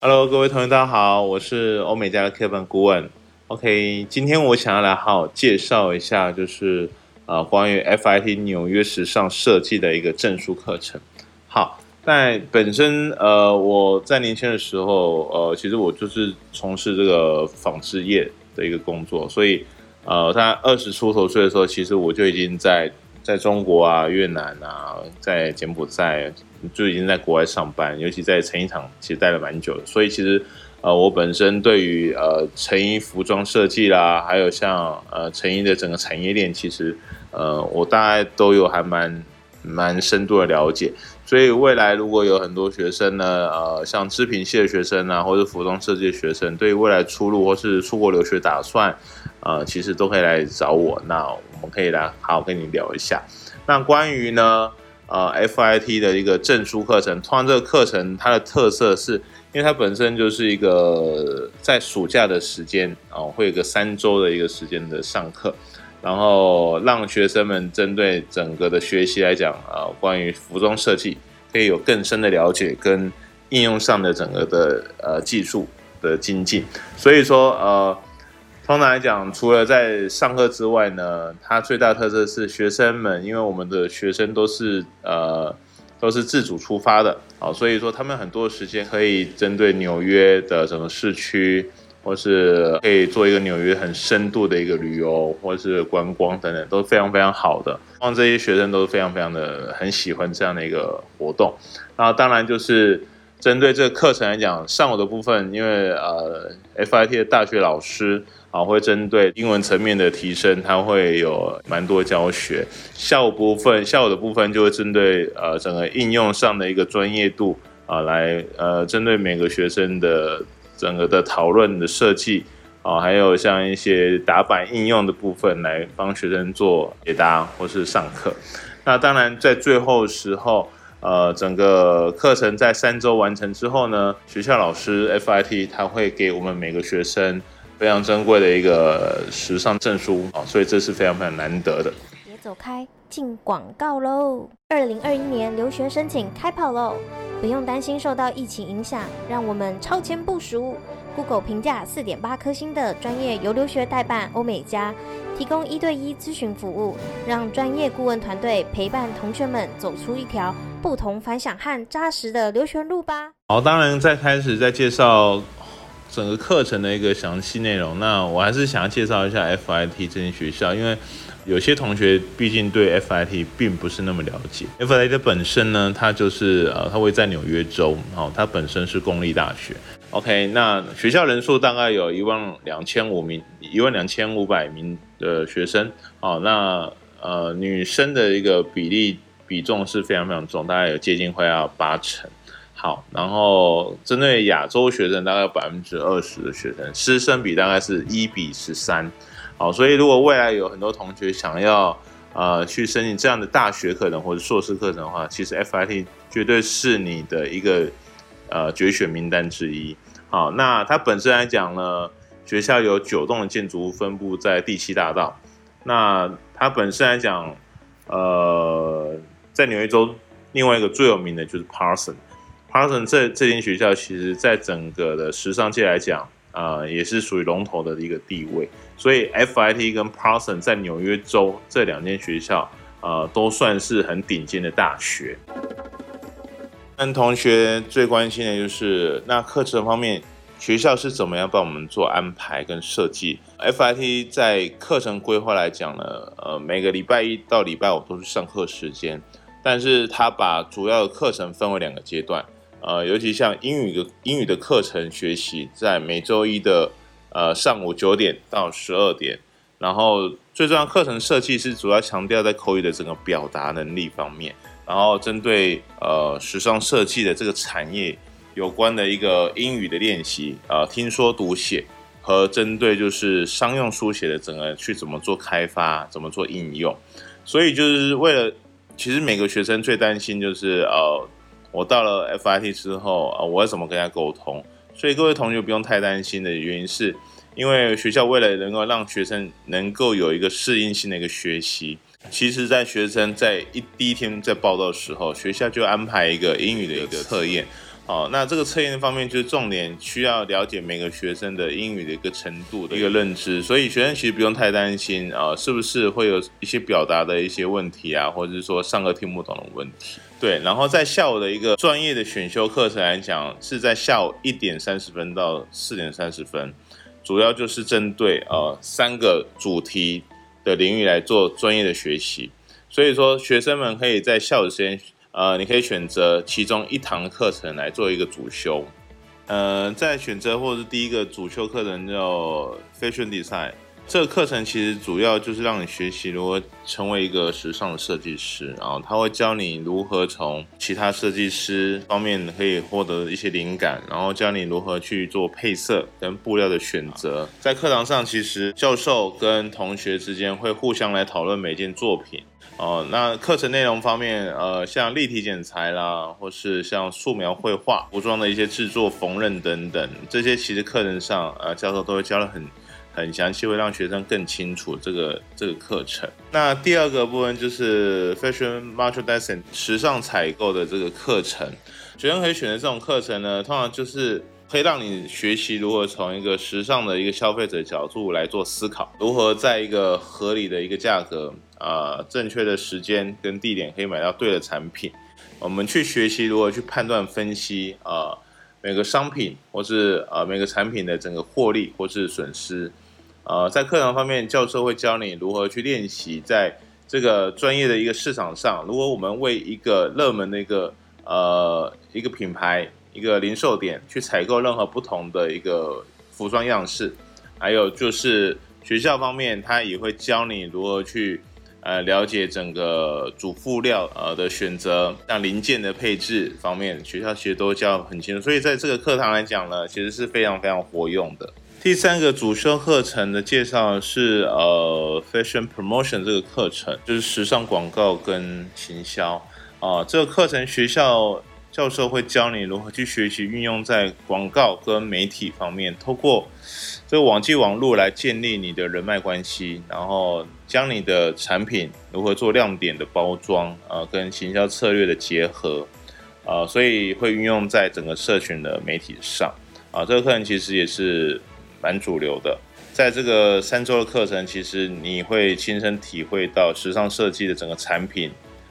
Hello，各位同學，大家好，我是歐美加的 Kevin 顧問，OK，今天我想要來好好介紹一下，就是呃關於 FIT 紐約時尚設計的一個證書課程。好，在本身呃我在年輕的時候，呃其實我就是從事這個紡織業的一個工作，所以呃在二十出頭歲的時候，其實我就已經在。在中國啊，越南啊，在柬埔寨就已經在國外上班，尤其在成衣廠，其實待了蠻久的。所以其實，呃，我本身對於呃成衣服裝設計啦，還有像呃成衣的整個產業鏈，其實呃我大概都有還蠻蠻深度的了解。所以未來如果有很多學生呢，呃，像織品系的學生啊，或者服裝設計的學生，對於未來出路或是出國留學打算，呃，其實都可以來找我，那我們可以來好好跟你聊一下。那關於呢，呃，FIT 的一個證書課程，通常這個課程它的特色是，因為它本身就是一個在暑假的時間啊，呃，會有個三週的一個時間的上課。然後讓學生們針對整個的學習來講，啊、呃，關於服裝設計可以有更深的了解跟應用上的整個的呃技術的精進。所以說，呃，通常來講，除了在上課之外呢，它最大特色是學生們，因為我們的學生都是呃都是自主出發的，啊、呃，所以說他們很多時間可以針對紐約的整個市區。或是可以做一個紐約很深度的一個旅遊，或是觀光等等，都是非常非常好的。希望這些學生都是非常非常的很喜歡這樣的一個活動。那當然就是針對這個課程來講，上午的部分，因為呃，FIT 的大學老師啊，會針對英文層面的提升，他會有蠻多教學。下午部分，下午的部分就會針對呃整個應用上的一個專業度啊，來呃針對每個學生的。整個的討論的設計啊，還有像一些打板應用的部分，來幫學生做解答或是上課。那當然，在最後時候，呃，整個課程在三周完成之後呢，學校老師 FIT 他會給我們每個學生非常珍貴的一個時尚證書啊，所以這是非常非常難得的。別走開。進廣告嘍！二零二一年留學申請開跑嘍！不用擔心受到疫情影響，讓我們超前部署。Google 評價四點八顆星的專業游留學代辦歐美加，提供一對一諮詢服務，讓專業顧問團隊陪伴同學們走出一條不同凡響和扎實的留學路吧。好，當然在開始再介紹整個課程的一個詳細內容，那我還是想要介紹一下 FIT 這間學校，因為。有些同學畢竟對 FIT 並不是那麼了解。FIT 的本身呢，它就是呃，它位在紐約州，好、哦，它本身是公立大學。OK，那學校人數大概有一萬兩千五名，一萬兩千五百名的學生。哦，那呃，女生的一個比例比重是非常非常重，大概有接近快要八成。好，然後針對亞洲學生，大概有百分之二十的學生，師生比大概是一比十三。好，所以如果未來有很多同學想要，呃，去申請這樣的大學課程或者碩士課程的話，其實 FIT 絕對是你的一個，呃，決選名單之一。好，那它本身來講呢，學校有九棟的建築物分布在第七大道。那它本身來講，呃，在紐約州另外一個最有名的就是 Parson，Parson 這這間學校，其實在整個的時尚界來講。呃，也是屬於龍頭的一個地位，所以 FIT 跟 Parsons 在紐約州這兩間學校，呃，都算是很頂尖的大學。那同學最關心的就是那課程方面，學校是怎麼樣幫我們做安排跟設計？FIT 在課程規劃來講呢，呃，每個禮拜一到禮拜五都是上課時間，但是他把主要的課程分為兩個階段。呃，尤其像英語的英語的課程學習，在每周一的呃上午九點到十二點，然後最重要課程設計是主要強調在口語的整個表達能力方面，然後針對呃時尚設計的這個產業有關的一個英語的練習，呃聽說讀寫和針對就是商用書寫的整個去怎麼做開發，怎麼做應用，所以就是為了其實每個學生最擔心就是呃。我到了 FIT 之後啊，我要怎麼跟他溝通？所以各位同學不用太擔心的原因是，因為學校為了能夠讓學生能夠有一個適應性的一個學習，其實，在學生在一第一天在報到的時候，學校就安排一個英語的一個測驗。哦，那這個測驗方面就是重點，需要了解每個學生的英語的一個程度的一個認知，所以學生其實不用太擔心啊、呃，是不是會有一些表達的一些問題啊，或者是說上課聽不懂的問題。對，然後在下午的一個專業的選修課程來講，是在下午一點三十分到四點三十分，主要就是針對呃三個主題的領域來做專業的學習，所以說學生們可以在下午時間。呃，你可以選擇其中一堂課程來做一個主修，呃，再選擇或是第一個主修課程叫 Fashion Design。這個課程其實主要就是讓你學習如何成為一個時尚的設計師，然後他會教你如何從其他設計師方面可以獲得一些靈感，然後教你如何去做配色跟布料的選擇。在課堂上，其實教授跟同學之間會互相來討論每件作品。哦、呃，那課程內容方面，呃，像立體剪裁啦，或是像素描繪畫、服裝的一些制作、縫紉等等，這些其實課程上，呃，教授都會教得很。很詳細，會讓學生更清楚這個這個課程。那第二個部分就是 Fashion Merchandising 時尚採購的這個課程。學生可以選擇這種課程呢，通常就是可以讓你學習如何從一個時尚的一個消費者角度來做思考，如何在一個合理的一個價格啊、呃，正確的時間跟地點可以買到對的產品。我們去學習如何去判斷分析啊、呃、每個商品或是啊、呃、每個產品的整個獲利或是損失。呃，在課堂方面，教授會教你如何去練習，在這個專業的一個市場上，如果我們為一個熱門的一個呃一個品牌一個零售點去採購任何不同的一個服裝樣式，還有就是學校方面，他也會教你如何去呃了解整個主輔料呃的選擇，像零件的配置方面，學校其實都教很清楚，所以在這個課堂來講呢，其實是非常非常活用的。第三個主修課程的介紹是呃，Fashion Promotion 這個課程，就是時尚廣告跟行銷啊、呃。這個課程學校教授會教你如何去學習運用在廣告跟媒體方面，透過這個網際網絡來建立你的人脈關係，然後將你的產品如何做亮點的包裝啊、呃，跟行銷策略的結合啊、呃，所以會運用在整個社群的媒體上啊、呃。這個課程其實也是。蠻主流的，在這個三周的課程，其實你會親身體會到時尚設計的整個產品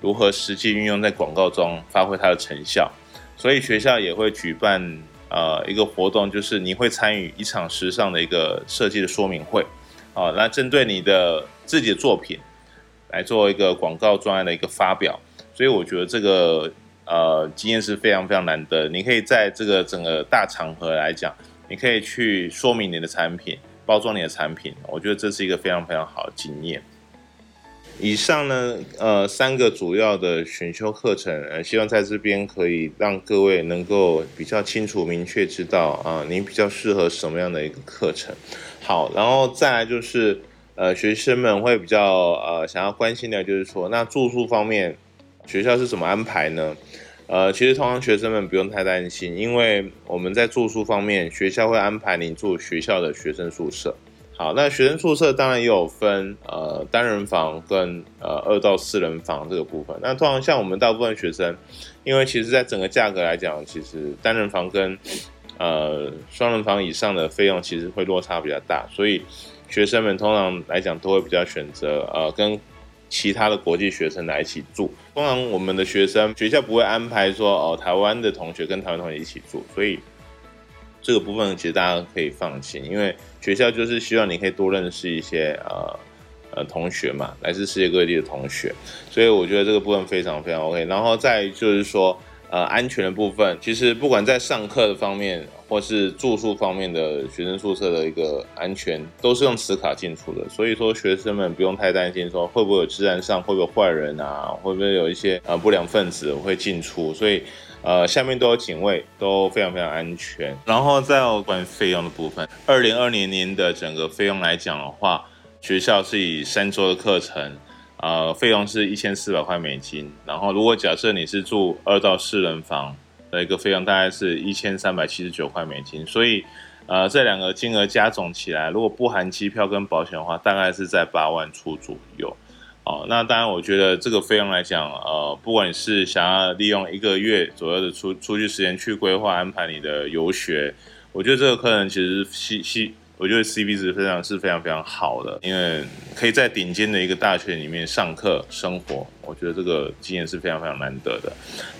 如何實際運用在廣告中，發揮它的成效。所以學校也會舉辦呃一個活動，就是你會參與一場時尚的一個設計的說明會，哦，那針對你的自己的作品來做一個廣告專案的一個發表。所以我覺得這個呃經驗是非常非常難得，你可以在這個整個大場合來講。你可以去說明你的產品，包裝你的產品，我覺得這是一個非常非常好的經驗。以上呢，呃，三個主要的選修課程，呃，希望在這邊可以讓各位能夠比較清楚、明確知道啊，呃，你比較適合什麼樣的一個課程。好，然後再來就是，呃，學生們會比較呃想要關心的，就是說，那住宿方面，學校是怎麼安排呢？呃，其實通常學生們不用太擔心，因為我們在住宿方面，學校會安排您住學校的學生宿舍。好，那學生宿舍當然也有分，呃，單人房跟呃二到四人房這個部分。那通常像我們大部分學生，因為其實在整個價格來講，其實單人房跟呃雙人房以上的費用其實會落差比較大，所以學生們通常來講都會比較選擇呃跟。其他的國際學生來一起住，通常我們的學生學校不會安排說哦台灣的同學跟台灣同學一起住，所以這個部分其實大家可以放心，因為學校就是希望你可以多認識一些呃，呃同學嘛，來自世界各地的同學，所以我覺得這個部分非常非常 OK。然後再就是說。呃，安全的部分，其實不管在上課的方面，或是住宿方面的學生宿舍的一個安全，都是用磁卡進出的。所以說，學生們不用太擔心，說會不會有治安上，會不會有壞人啊，會不會有一些呃不良分子會進出。所以，呃，下面都有警衛，都非常非常安全。然後再有關於費用的部分，二零二零年的整個費用來講的話，學校是以三周的課程。呃，費用是一千四百塊美金，然後如果假設你是住二到四人房的一個費用，大概是一千三百七十九塊美金，所以，呃，這兩個金額加總起來，如果不含機票跟保險的話，大概是在八萬出左右。哦、呃，那當然，我覺得這個費用來講，呃，不管你是想要利用一個月左右的出出去時間去規劃安排你的遊學，我覺得這個客人其實是是。我覺得 c b 值，非常是非常非常好的，因為可以在頂尖的一個大學裡面上課生活，我覺得這個經驗是非常非常難得的。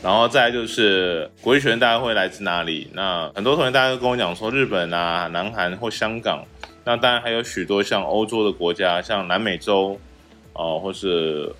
然後再來就是國際學生大概會來自哪裡？那很多同學大家都跟我講說，說日本啊、南韓或香港，那當然還有許多像歐洲的國家，像南美洲，哦、呃，或是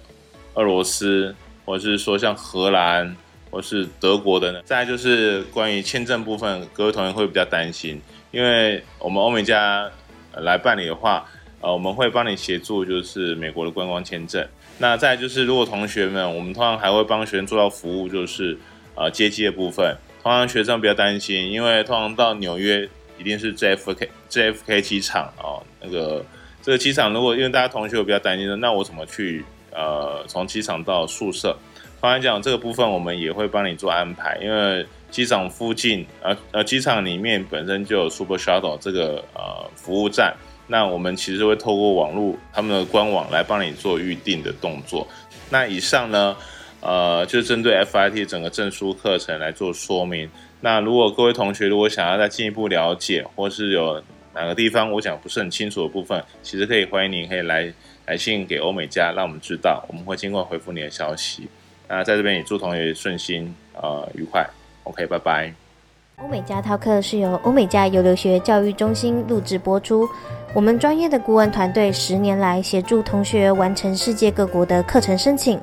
俄羅斯，或者是說像荷蘭。或是德國的呢？再來就是關於簽證部分，各位同學會比較擔心，因為我們歐美加來辦理的話，呃，我們會幫你協助就是美國的觀光簽證。那再來就是如果同學們，我們通常還會幫學生做到服務，就是呃接機的部分。通常學生比較擔心，因為通常到紐約一定是 JFK JFK 機場哦、呃。那個這個機場，如果因為大家同學會比較擔心的，那我怎麼去呃從機場到宿舍？方案講這個部分，我們也會幫你做安排，因為機場附近，呃呃，機場裡面本身就有 Super Shuttle 這個呃服務站，那我們其實會透過網絡他們的官網來幫你做預定的動作。那以上呢，呃，就針對 FIT 整個證書課程來做說明。那如果各位同學如果想要再進一步了解，或是有哪個地方我想不是很清楚的部分，其實可以歡迎您可以來來信給歐美加，讓我們知道，我們會尽快回覆你的消息。那在這邊也祝同學順心呃愉快。OK，拜拜。歐美加套課是由歐美加遊留學教育中心錄製播出。我們專業的顧問團隊十年來協助同學完成世界各國的課程申請，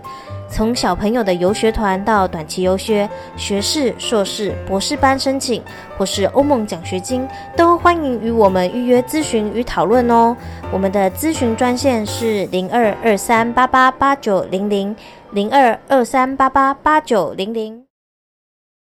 從小朋友的遊學團到短期遊學、學士、碩士、博士班申請，或是歐盟獎學金，都歡迎與我們預約諮詢與討論哦。我們的諮詢專線是零二二三八八八九零零。零二二三八八八九零零。